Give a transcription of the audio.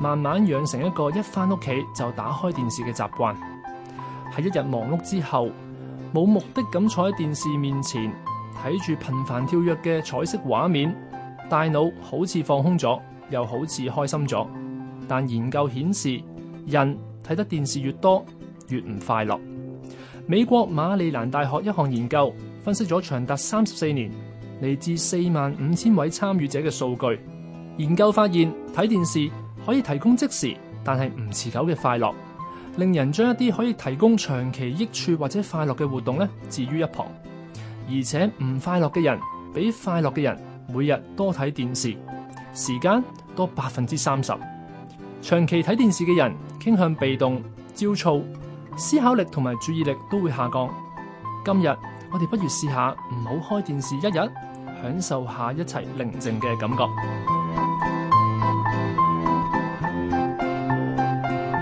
慢慢養成一個一返屋企就打開電視嘅習慣，喺一日忙碌之後，冇目的咁坐喺電視面前，睇住頻繁跳躍嘅彩色畫面，大腦好似放空咗，又好似開心咗。但研究顯示，人睇得電視越多，越唔快樂。美國馬里蘭大學一項研究分析咗長達三十四年嚟自四萬五千位參與者嘅數據，研究發現睇電視。可以提供即時但係唔持久嘅快樂，令人將一啲可以提供長期益處或者快樂嘅活動咧置於一旁。而且唔快樂嘅人比快樂嘅人每日多睇電視時間多百分之三十。長期睇電視嘅人傾向被動、焦躁，思考力同埋注意力都會下降。今日我哋不如試下唔好開電視一日，享受一下一齊寧靜嘅感覺。